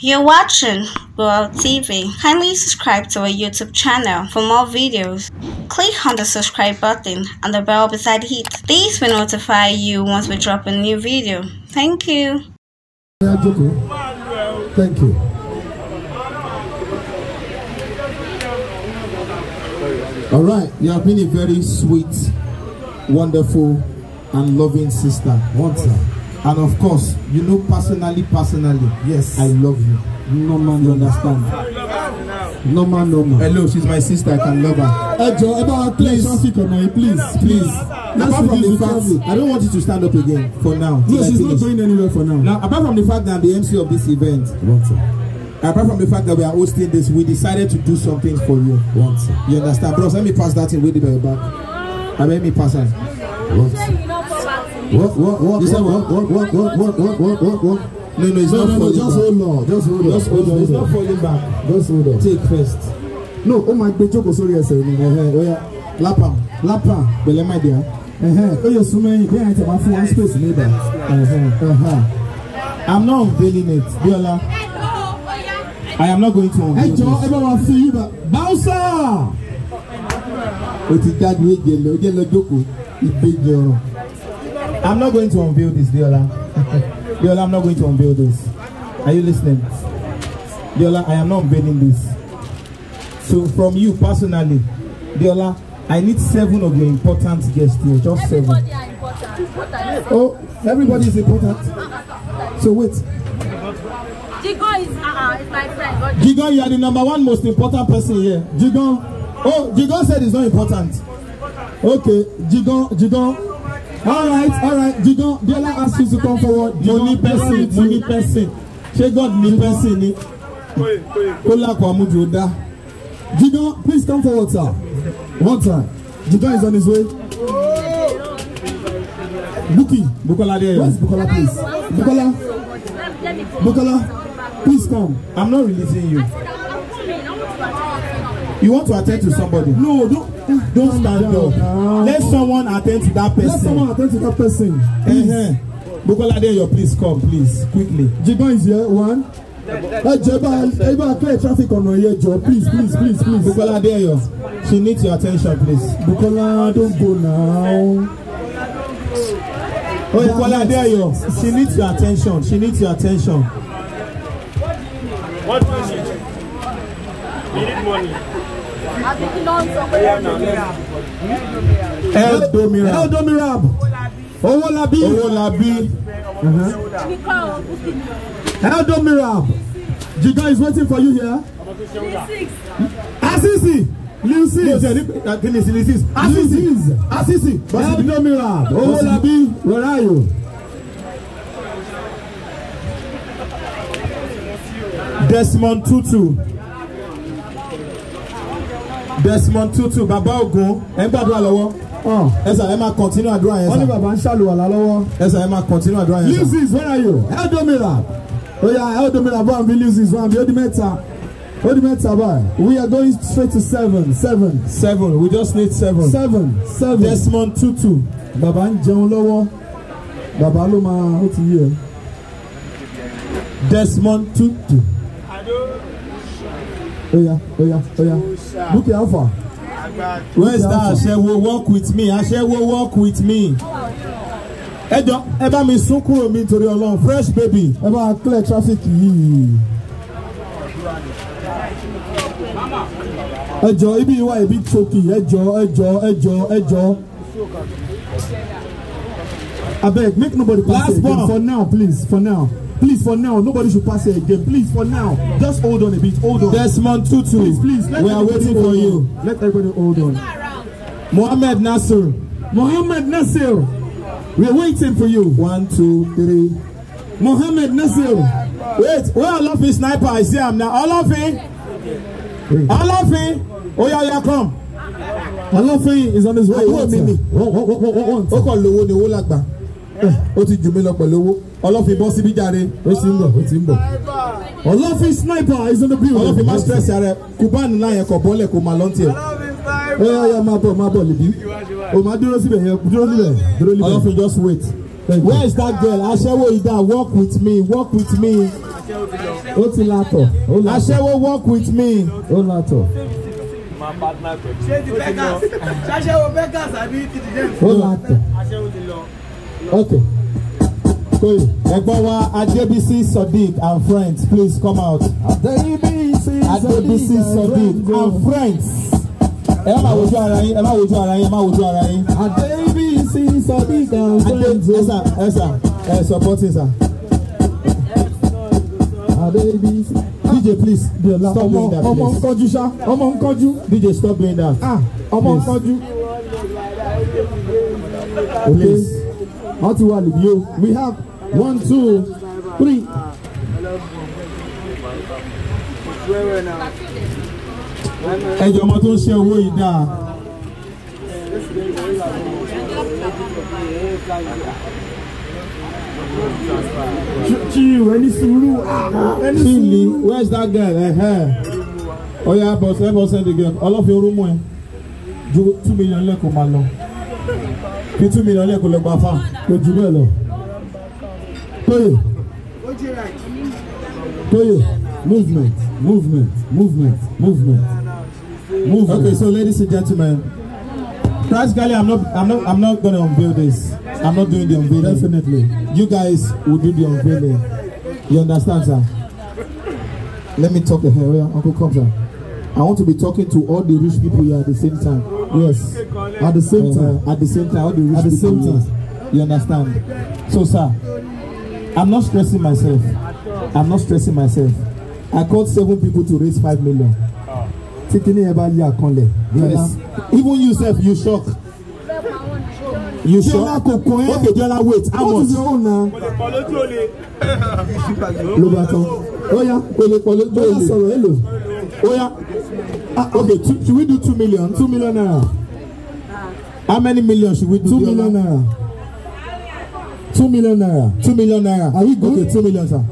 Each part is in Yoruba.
You're watching World TV. Kindly subscribe to our YouTube channel for more videos. Click on the subscribe button and the bell beside it. This will notify you once we drop a new video. Thank you. Thank you. All right, you have been a very sweet, wonderful, and loving sister. One time. And of course, you know personally, personally, yes, I love you. No man you understand. No man, no man. Hello, she's my sister. I can love her. Ẹ jọ̀ọ́, ẹ bá wa please. Please, please. apart from the fact, I don't want you to stand up again for now. No, she's not going anywhere for now. Now, apart from the fact that I'm the MC of this event. Water apart from the fact that we are hosting this we decided to do something for you once you understand bros let me pass that thing wey dey by your back abeg me pass am once. Walk, walk, walk, you said walk, walk, walk, walk, walk, walk, walk, walk, walk. No, no, it's no, not no, no, just hold on, just hold on. Just hold on, it's not falling back. Just hold on. Take first. No, oh ó máa gbé jókòó sórí ẹsẹ̀ ni. Oya, Lapa. lápá, pẹ̀lẹ́ my dear. Oh yẹ súnmọ́ ẹyin bí ẹ̀yin ti máa fún one space Uh huh. I'm not unveiling it, Biola. I am not going to unveil it. Hey, Joe. Everyone see you, fi yí bá. Báwùsà. O ti jáde ó jẹ lọ jókòó ìbejì ọ̀rọ̀. I'm not going to unveil this, Diola. Diola, I'm not going to unveil this. Are you listening? Diola, I am not unveiling this. So from you personally, Diola, I need seven of your important guests here. Just everybody seven. Are important. Oh, everybody is important. So wait. Jigon is uh, uh, is my friend. Jigon, you are the number one most important person here. Jigon. Oh, Jigon said it's not important. Okay, Jigon, Jigon all right all right Jigan Biola ask you to come forward Money, ní person mo ní person ṣé God ní person ni kó lákòó amúdùú dá please come forward sir one time Jigan is on his way. Buki Bukola there. Where's Bukola please? Bukola. Bukola, please come. I'm not releasing you. You want to attend to somebody? No, don't. Don't stand up. Let someone attend to that person. Let someone attend to that person. Yes. Bukola Adeyo, please come, please, quickly. Jibon is here, one. ẹ jẹ bá ẹ bá clear traffic ọ̀nà yẹn jọ please please please please. Bukola Adeyo, she needs your attention please. Bukola don't go now. Oh, Bukola Adeyo, she needs your attention she needs your attention. What is it? We need money. Eldomirab Eldomirab Owolabi Owolabi uh-huh. Eldomirab Jigan is waiting for you here. Asisi Leucis uh, kini si Leucis Asisi Asisi Eldomirab Owolabi where are you? Desmond Tutu. Desmond Tutu bàbá Ògún ẹ ń gbàdúrà lọ́wọ́ ah. ẹ sà ẹ máa kọ̀ntínú àdúrà yẹn sà. wọ́n ní bàbá ń ṣàlùwàlá lọ́wọ́. ẹ sà ẹ máa kọ̀ntínú àdúrà yẹn sà. Lizzy where are you? Eldomira oya Eldomira bọ́ àbí Lizzy bọ́ àbí ó di mẹ́ta ó di mẹ́ta báyìí. we are going straight to seven seven. seven we just need seven. seven seven. Desmond Tutu. bàbá ń jẹun lọ́wọ́ bàbá ló máa ó ti yí Desmond Tutu oya oya oya Bukky Alpha. where's that She will walk with me will walk with me. ẹ jọ ẹ bá mi sún kúrò mi nítorí Ọlọ́run fresh baby. ẹ bá clear traffic yìí. ẹ jọ ibi ìwà ibi choki ẹ jọ ẹ jọ abeg make nobody pass again for now please for now. Please, for now, nobody should pass here again. Please, for now, just hold on a bit. Hold on. Desmond Tutu, please, please. Let we are waiting for you. On. Let everybody hold on. Mohammed Nasir. Mohammed Nasir. We are waiting for you. One, two, three. Mohammed Nasir. Wait, where Olafin sniper? I see him now. Olafin. Olafin. Oya, oh, oya, come. Olafin is on his way. Wait a minute. Ó kàn lówó ni owó lágbàá ó ti jù mí lọ pẹ̀lú owó ọlọ́fin bọ́ síbí jáde ó sì ń bọ̀ ó ti ń bọ̀. ọlọ́fin sniper is in the building. ọlọ́fin má stress ara ẹ kuban náà yẹn kọ̀ bọ́ọ̀lẹ̀ kò máa lọ́ntì ẹ̀. ó yá yá máa bọ̀ máa bọ̀ lìbí o máa dúró síbẹ̀ yẹn dúró níbẹ̀ dúró níbẹ̀ ọlọ́fin just wait. where is that girl aṣẹ́wó ìdá work with me work with me. ó ti látọ̀ aṣẹ́wó work with me. ó látọ̀ máa partner pẹ̀lú. ṣé ti bẹ́gàs ṣáṣẹ́wó bẹ́gàs àbí ti dìde. ó látọ̀ aṣẹ́wó ti lọ. Okay. Koyi. Ẹ̀gbọ́n wa Adebisi Sodiq and friends please come out. Adebisi Sodiq and friends. Ẹ má wojú ara yín, ẹ má wojú ara yín, ẹ má wojú ara yín. Adebisi Sodiq and friends. Ẹ sà ẹ sà ẹ supporting sà. Adebisi. DJ please stop doing that please. Ọmọ nkọ́jú ṣá, ọmọ nkọ́jú. DJ stop doing that. Ah ọmọ nkọ́jú. Please. How Oti Walibiu. We have one, two, three. Ẹjọ́ ọmọ tó ń ṣe owó yìí dáa. Chill, ẹni sùúrù. Chilli, where's that girl? Ọya bọ̀sẹ̀ bọ̀sẹ̀ the girl, ọlọ́fin orúmọ ẹ̀ ju two million lẹ́kọ̀ọ́ máa lọ fi two million lẹ́kọ̀ọ́ lọ fa kò bẹ́ẹ̀ lọ. Tóyè Tóyè movement movement movement movement movement. Okay so ladies and gentlemen practically I'm not I'm not I'm not gonna unveil this I'm not doing the unveiling definitely you guys will do the unveiling you understand sir let me talk to hair Uncle Kamsa I want to be talking to all the rich people here at the same time yes at the same uh-huh. time at the same time at the same time you understand so sir i'm not stressing myself i'm not stressing myself i called seven people to raise five million tí kíní Akonle. yes even you sef you shock you sure jọla kò kọ ẹ okay jọla wait how much. wọ́n ti fi hàn náà. ló bá tán ó yá kò lè pọ̀ lójú Ah, ah, okay, two, should we do two million? Two million naira. How many million should we do? Two million naira. Two million naira. Two million naira. Are we good? Okay, two million, sir.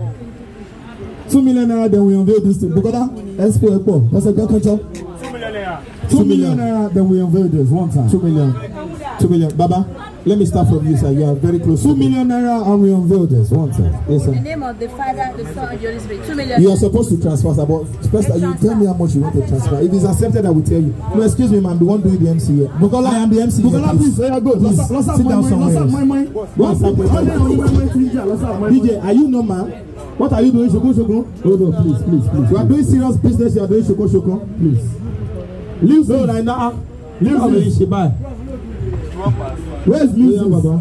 Two million naira, then we unveil this thing. Bukoda, Expo, Expo. That's a good culture. Two million naira. Two million naira, then we unveil this one time. Two million. Two million. Baba. Let me start from you, sir. You are very close. Two million naira, and we unveil this one time. Yes, sir. In the name of the Father, the Son, and the Holy Spirit. Two million. You are supposed to transfer, sir, but first, you transfer. tell me how much you want to transfer. If it's accepted, I will tell you. No, excuse me, ma'am. The one doing the MC here. Bukola, I am the MC. Bukola, please. Here, go. Please, please. Loss, sit down somewhere. My What's happening? DJ, are you normal? What are you doing, Shoko Shoko? Hold on, please, please, please. You are doing serious business. You are doing Shoko Shoko. Please. Leave. No, no, no. Leave. Leave. Leave. Leave where is oh,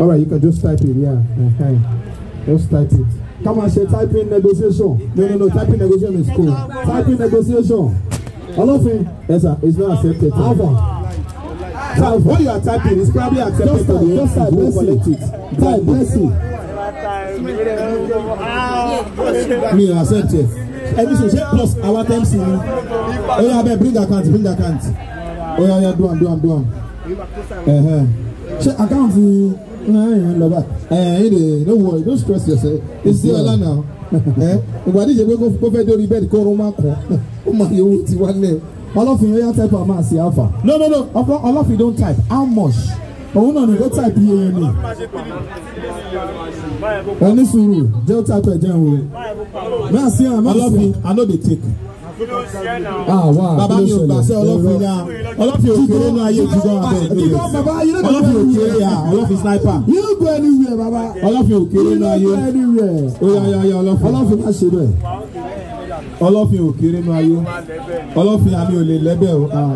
all right you can just type it yeah Okay, uh-huh. just type it come on say in negotiation no no no type in negotiation is cool Type in negotiation Hello, friend. yes sir it's not accepted how far. what you are typing is probably accepted just type, just type, let's see. Type, let's see. Me, I accept it. Everything, plus our time, see. Oh yeah, babe, bring account, bring account. Oh yeah, yeah, do am, do am, do am. Uh-huh. Ṣé account ẹ̀yìn no, bá ẹ̀yìn de no worry don't stress yourself. Èsì ọ̀la náà ìgbà díje pé kó fẹ́ dórí bẹ́ẹ̀dì kó rún má kọ́ ó you yẹ one ti wálẹ̀. Ọlọ́fin you. yá type àmà sí alpha. No no no you. don't type how much? Òun náà ni ó type iye ni. Ẹni sùúrù jẹ́ ó type ẹ̀ jẹun o. Bẹ́ẹ̀ sí àmà sí. Ọlọ́fin I know dey take. Ah bàbá mi ò gbàsẹ́ ọlọ́fin ya ọlọ́fin òkèrè ní ayé òjijì abẹ́ ọlọ́fin òkèrè ya ọlọ́fin sniper ọlọ́fin òkèrè ní ayé oyayaya ọlọ́fin ọlọ́fin má ṣe bẹ́ẹ̀ ọlọ́fin òkèrè ní ayé ọlọ́fin àmì ò lè lẹ́bẹ̀ẹ́ o ah.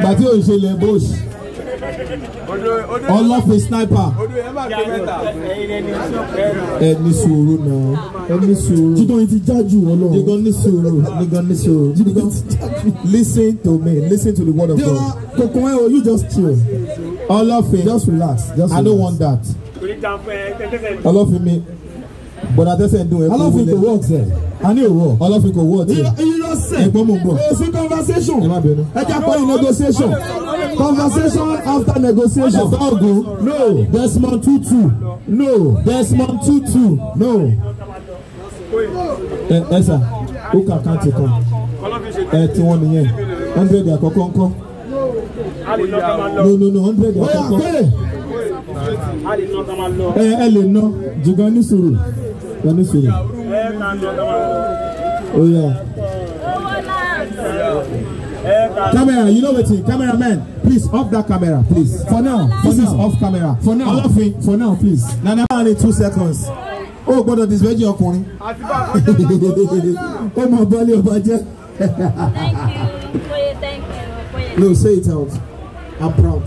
gbàtí òṣèlè bóṣì ọlọ́fin sniper ẹni sòrò náà ẹni sòrò jígan yìí ti já jù wọn lọ jígan ní sòrò jígan ní sòrò jígan ti já jù. listen to me listen to the word of God. kòkó ẹ o you just chill ọlọ́fin just relax just relax I no want that. ọlọ́fin mi bọ̀dà tẹ́sẹ̀ ń dún ẹ̀kọ́ ọlọ́fin kò work sẹ̀ ani owó ọlọ́fin kò work sẹ̀ ẹ̀gbọ́n mo gbọ́. èsì conversation ẹ̀jẹ̀ pẹ̀lú negotiation. Conversation after negotiation. Ogo. No. Desmond Tutu. No. Desmond Tutu. No. Ẹ ẹ sà, ó kàkà ti kàn. Ẹ tí wọ́n nìyẹn. Hundred àkọ́kọ́ ńkọ́. No no no hundred àkọ́kọ́. Ẹ eh, ẹ lè ná jùgbọ́n ní sùúrù. Ẹ ní sùúrù. Oh yeah camera you know wetin man. please off that camera please for now for now off camera for now olofin for now please na na only two seconds o gbọ́dọ̀ disveji ọkùnrin o mọ bọlé ọba jẹ. no say it out i'm proud.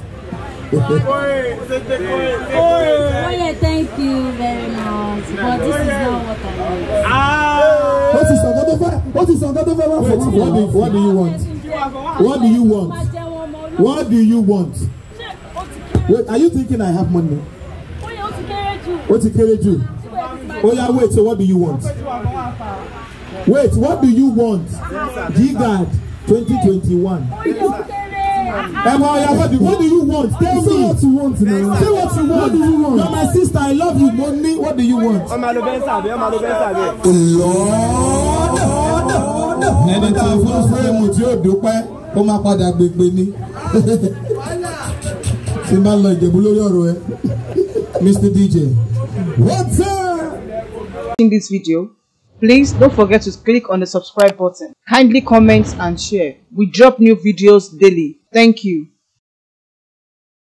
Oye, thank you very much. But this is not what I want. What is your God over? What is your What do you want? What do you want? What do you want? Wait, are you thinking I have money? Ó ti you? Oh yeah, wait, so what do you want? Wait, what do you want? GGAD 2021. Ẹ̀wọ̀n ọ̀yà what do what do you want? Tell me. what you want Tell Say what you want. What do you want? Na my sister I love you Money. what do you want? Oh my bẹ́ẹ̀ sàbẹ̀ ọmọ àlọ́ bẹ́ẹ̀ sàbẹ̀. Ìlọ́ọ̀ ẹni tá a fún fúrẹ́mù tí ó dúpẹ́ ó máa padà gbègbè ni tí n bá lọ Ìjẹ̀bú lórí ọ̀rọ̀ ẹ Mr. DJ what's up. in this video please don't forget to click on the subscribe button kindly comment and share we drop new videos daily thank you.